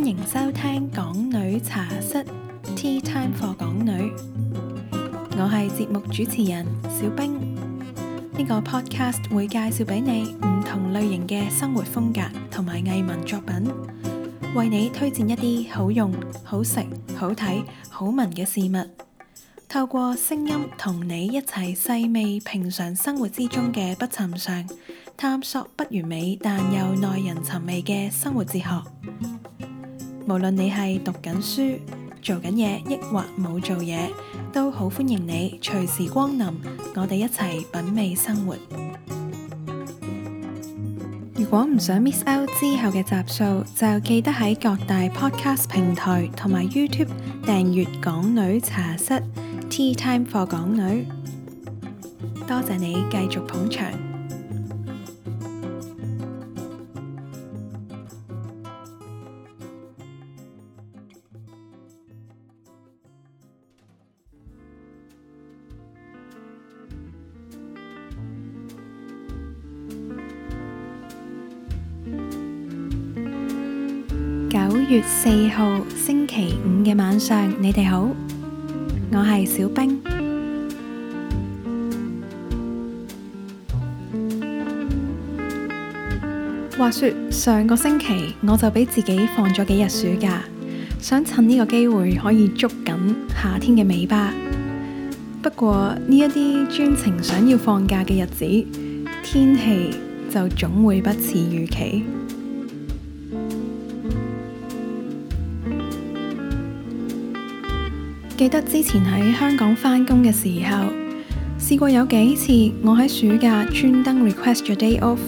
歡迎收聽港女茶室 Tea Time for 港女，我係節目主持人小冰。呢個 podcast 會介紹俾你唔同類型嘅生活風格同埋藝文作品，為你推薦一啲好用、好食、好睇、好聞嘅事物。透過聲音同你一齊細味平常生活之中嘅不尋常，探索不完美但又耐人尋味嘅生活哲學。無論你係讀緊書、做緊嘢，抑或冇做嘢，都好歡迎你隨時光臨，我哋一齊品味生活。如果唔想 miss out 之後嘅集數，就記得喺各大 podcast 平台同埋 YouTube 訂閱《港女茶室 Tea Time for 港女》。多謝你繼續捧場。月四號星期五嘅晚上，你哋好，我係小冰。話說上個星期我就俾自己放咗幾日暑假，想趁呢個機會可以捉緊夏天嘅尾巴。不過呢一啲專程想要放假嘅日子，天氣就總會不似預期。記得之前喺香港返工嘅時候，試過有幾次我喺暑假專登 request 個 day off，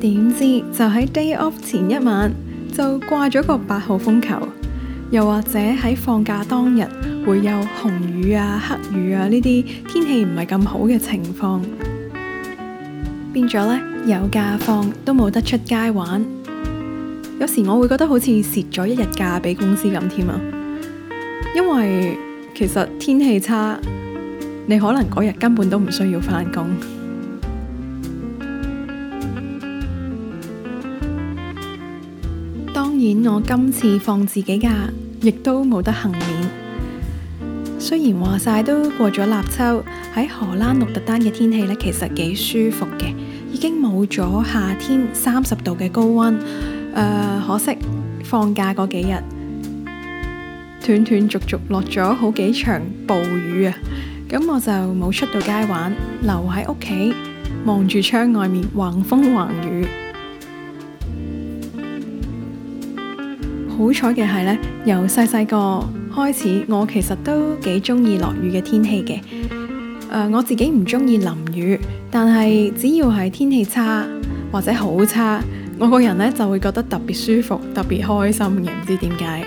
點知就喺 day off 前一晚就掛咗個八號風球，又或者喺放假當日會有紅雨啊、黑雨啊呢啲天氣唔係咁好嘅情況，變咗呢，有假放都冇得出街玩。有時我會覺得好似蝕咗一日假俾公司咁添啊！因為其實天氣差，你可能嗰日根本都唔需要返工。當然我今次放自己假，亦都冇得幸免。雖然話晒都過咗立秋，喺荷蘭鹿特丹嘅天氣呢，其實幾舒服嘅，已經冇咗夏天三十度嘅高溫。呃，可惜放假嗰幾日。斷斷續續落咗好幾場暴雨啊！咁我就冇出到街玩，留喺屋企望住窗外面橫風橫雨。好彩嘅係呢，由細細個開始，我其實都幾中意落雨嘅天氣嘅。呃，我自己唔中意淋雨，但係只要係天氣差或者好差，我個人呢就會覺得特別舒服、特別開心嘅，唔知點解。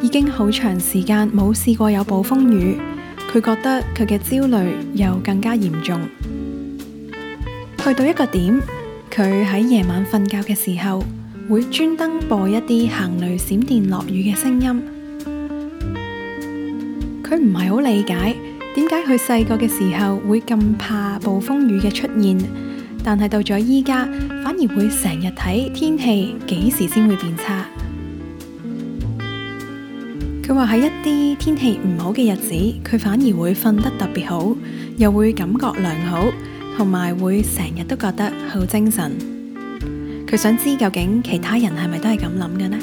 已經好長時間冇試過有暴風雨，佢覺得佢嘅焦慮又更加嚴重。去到一個點，佢喺夜晚瞓覺嘅時候，會專登播一啲行雷、閃電、落雨嘅聲音。佢唔係好理解點解佢細個嘅時候會咁怕暴風雨嘅出現，但係到咗依家反而會成日睇天氣幾時先會變差。佢話喺一啲天氣唔好嘅日子，佢反而會瞓得特別好，又會感覺良好，同埋會成日都覺得好精神。佢想知究竟其他人係咪都係咁諗嘅呢？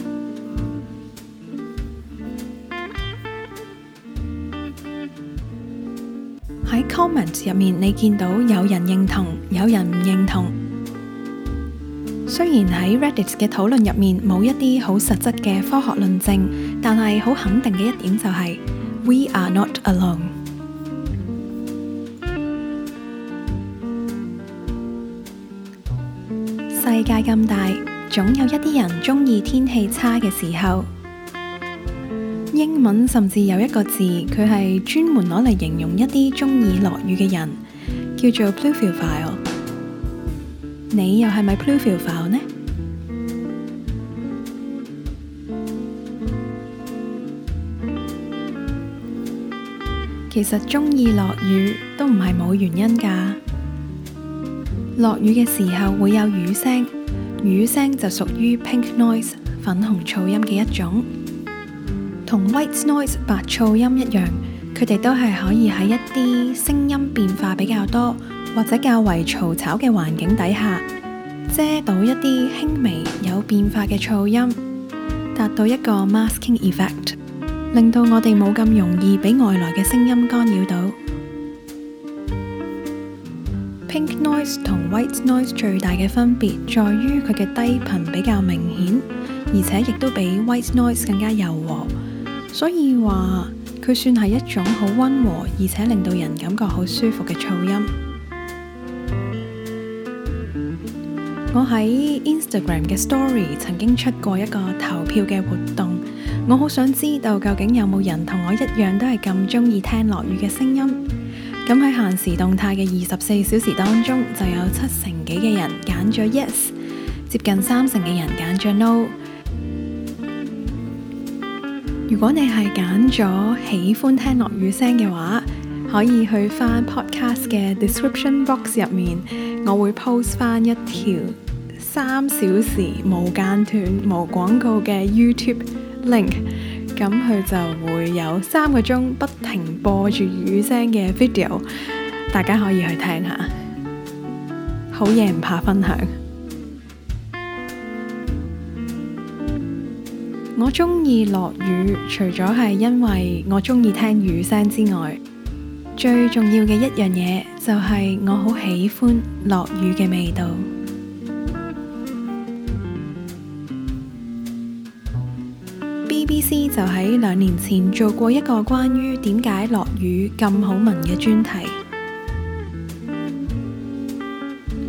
喺 comment 入面，你見到有人認同，有人唔認同。雖然喺 Reddit 嘅討論入面冇一啲好實質嘅科學論證。但係好肯定嘅一點就係、是，We are not alone。世界咁大，總有一啲人中意天氣差嘅時候。英文甚至有一個字，佢係專門攞嚟形容一啲中意落雨嘅人，叫做 pluviophile。你又係咪 pluviophile 呢？其實中意落雨都唔係冇原因噶。落雨嘅時候會有雨聲，雨聲就屬於 pink noise 粉紅噪音嘅一種，同 white noise 白噪音一樣，佢哋都係可以喺一啲聲音變化比較多或者較為嘈吵嘅環境底下，遮到一啲輕微有變化嘅噪音，達到一個 masking effect。令到我哋冇咁容易俾外來嘅聲音干擾到。Pink noise 同 white noise 最大嘅分別，在於佢嘅低頻比較明顯，而且亦都比 white noise 更加柔和。所以話，佢算係一種好溫和而且令到人感覺好舒服嘅噪音。我喺 Instagram 嘅 story 曾經出過一個投票嘅活動。我好想知道究竟有冇人同我一樣都係咁中意聽落雨嘅聲音？咁喺限時動態嘅二十四小時當中，就有七成幾嘅人揀咗 yes，接近三成嘅人揀咗 no。如果你係揀咗喜歡聽落雨聲嘅話，可以去翻 podcast 嘅 description box 入面，我會 post 翻一條三小時無間斷、無廣告嘅 YouTube。link，咁佢就會有三個鐘不停播住雨聲嘅 video，大家可以去聽下。好嘢唔怕分享。 我鍾意落雨，除咗係因為我鍾意聽雨聲之外，最重要嘅一樣嘢就係我好喜歡落雨嘅味道。BBC 就喺兩年前做過一個關於點解落雨咁好聞嘅專題。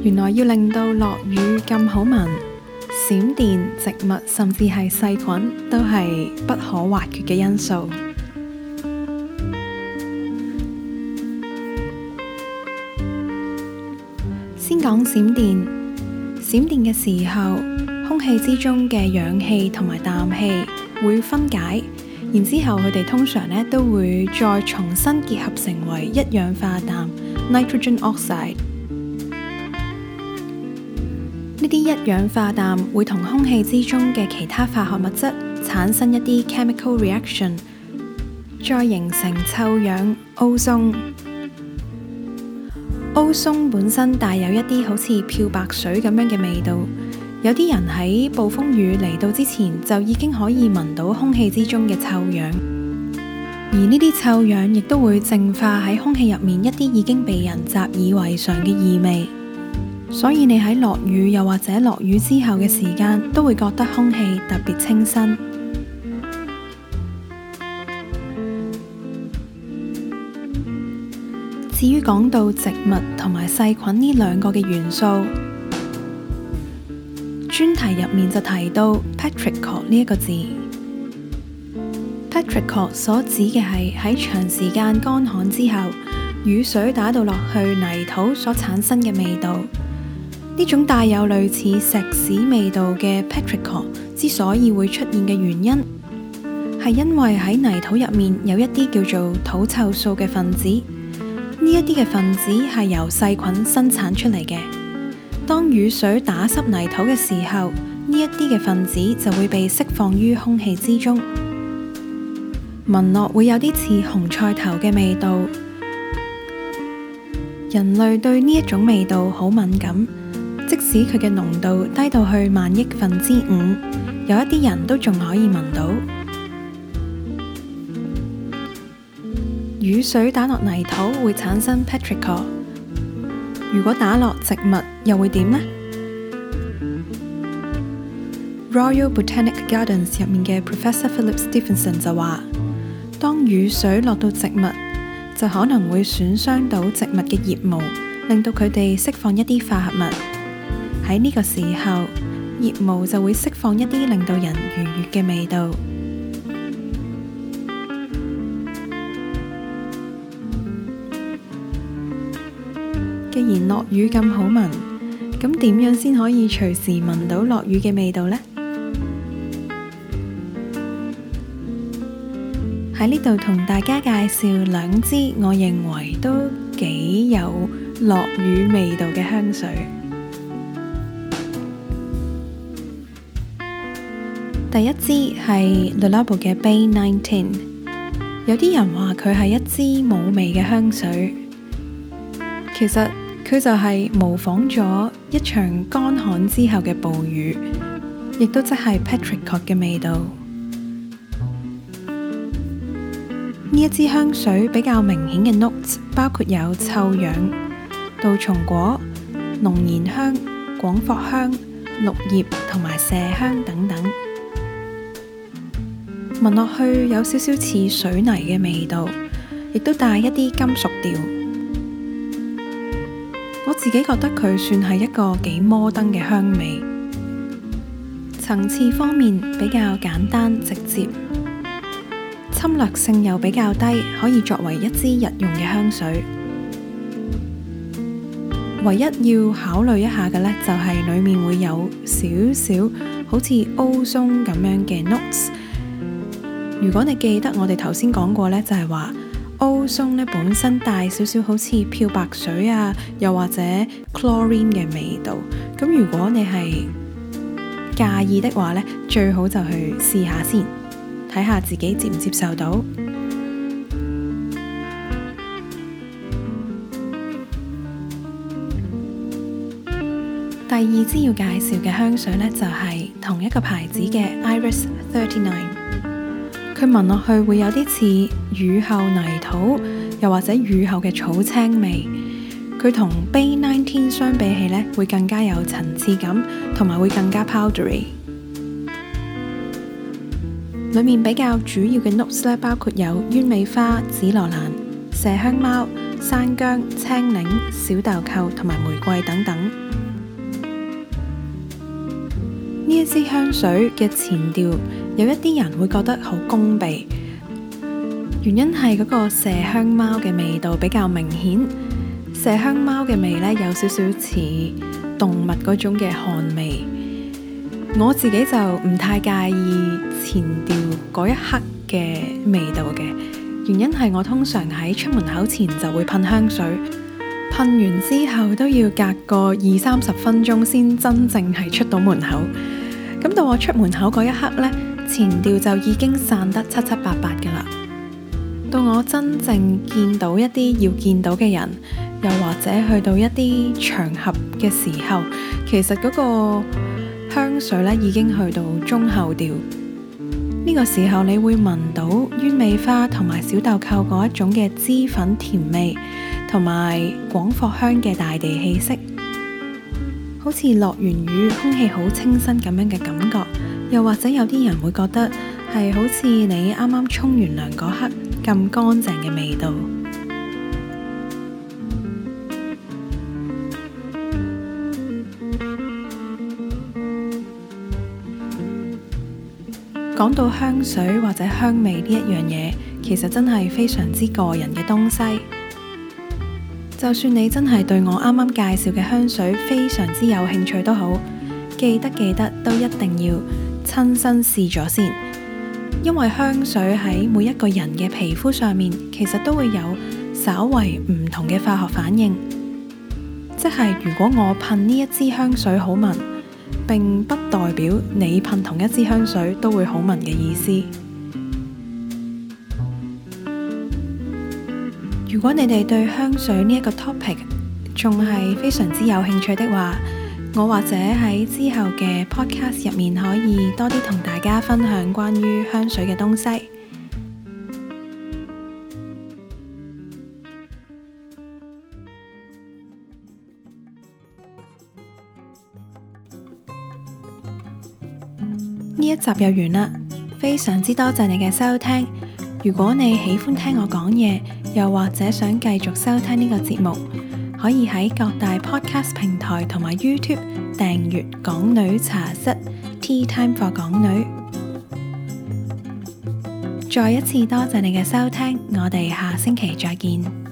原來要令到落雨咁好聞，閃電、植物甚至係細菌都係不可或缺嘅因素。先講閃電，閃電嘅時候，空氣之中嘅氧氣同埋氮氣。會分解，然之後佢哋通常咧都會再重新結合成為一氧化氮 （nitrogen oxide）。呢啲一氧化氮會同空氣之中嘅其他化學物質產生一啲 chemical reaction，再形成臭氧 ozone。ozone 本身帶有一啲好似漂白水咁樣嘅味道。有啲人喺暴風雨嚟到之前就已經可以聞到空氣之中嘅臭氧，而呢啲臭氧亦都會淨化喺空氣入面一啲已經被人習以為常嘅異味，所以你喺落雨又或者落雨之後嘅時間都會覺得空氣特別清新。至於講到植物同埋細菌呢兩個嘅元素。專題入面就提到 petrichor 呢一個字，petrichor 所指嘅係喺長時間乾旱之後，雨水打到落去泥土所產生嘅味道。呢種帶有類似石屎味道嘅 petrichor 之所以會出現嘅原因，係因為喺泥土入面有一啲叫做土臭素嘅分子。呢一啲嘅分子係由細菌生產出嚟嘅。當雨水打濕泥土嘅時候，呢一啲嘅分子就會被釋放於空氣之中，聞落會有啲似紅菜頭嘅味道。人類對呢一種味道好敏感，即使佢嘅濃度低到去萬億分之五，有一啲人都仲可以聞到。雨水打落泥土會產生 petrichor。如果打落植物又會點呢？Royal Botanic Gardens 入面嘅 Professor Philip Stephenson 就話，當雨水落到植物，就可能會損傷到植物嘅葉毛，令到佢哋釋放一啲化合物。喺呢個時候，葉毛就會釋放一啲令到人愉悦嘅味道。既然落雨咁好聞，咁點樣先可以隨時聞到落雨嘅味道呢？喺呢度同大家介紹兩支我認為都幾有落雨味道嘅香水。第一支係 Le Labo 嘅 Bay Nineteen，有啲人話佢係一支冇味嘅香水，其實。佢就係模仿咗一場乾旱之後嘅暴雨，亦都即係 petrichor 嘅味道。呢 一支香水比較明顯嘅 notes 包括有臭氧、杜松果、龍涎香、廣藿香、綠葉同埋麝香等等。聞落去有少少似水泥嘅味道，亦都帶一啲金屬調。自己覺得佢算係一個幾摩登嘅香味，層次方面比較簡單直接，侵略性又比較低，可以作為一支日用嘅香水。唯一要考慮一下嘅呢，就係裡面會有少少好似歐松咁樣嘅 notes。如果你記得我哋頭先講過呢，就係話。高松咧本身大少少，好似漂白水啊，又或者 chlorine 嘅味道。咁如果你係介意的話呢，最好就去試下先，睇下自己接唔接受到。 第二支要介紹嘅香水呢，就係、是、同一個牌子嘅 Iris Thirty Nine。佢聞落去會有啲似雨後泥土，又或者雨後嘅草青味。佢同 Baie 19相比起呢，會更加有層次感，同埋會更加 powdery。裏面比較主要嘅 notes 咧，包括有鳶尾花、紫羅蘭、麝香貓、山姜、青檸、小豆蔻同埋玫瑰等等。呢一支香水嘅前調。有一啲人會覺得好攻鼻，原因係嗰個麝香貓嘅味道比較明顯。麝香貓嘅味呢，有少少似動物嗰種嘅汗味。我自己就唔太介意前調嗰一刻嘅味道嘅，原因係我通常喺出門口前就會噴香水，噴完之後都要隔個二三十分鐘先真正係出到門口。咁到我出門口嗰一刻呢。前調就已經散得七七八八嘅啦。到我真正見到一啲要見到嘅人，又或者去到一啲場合嘅時候，其實嗰個香水呢，已經去到中後調。呢個時候你會聞到鳶尾花同埋小豆蔻嗰一種嘅脂粉甜味，同埋廣藿香嘅大地氣息，好似落完雨，空氣好清新咁樣嘅感覺。又或者有啲人會覺得係好似你啱啱沖完涼嗰刻咁乾淨嘅味道。 講到香水或者香味呢一樣嘢，其實真係非常之個人嘅東西。就算你真係對我啱啱介紹嘅香水非常之有興趣都好，記得記得都一定要。親身試咗先，因為香水喺每一個人嘅皮膚上面，其實都會有稍為唔同嘅化學反應。即係如果我噴呢一支香水好聞，並不代表你噴同一支香水都會好聞嘅意思。如果你哋對香水呢一個 topic 仲係非常之有興趣的話，我或者喺之後嘅 podcast 入面可以多啲同大家分享關於香水嘅東西。呢一集又完啦，非常之多謝你嘅收聽。如果你喜歡聽我講嘢，又或者想繼續收聽呢個節目。可以喺各大 podcast 平台同埋 YouTube 訂閱《港女茶室 Tea Time for 港女》。再一次多謝你嘅收聽，我哋下星期再見。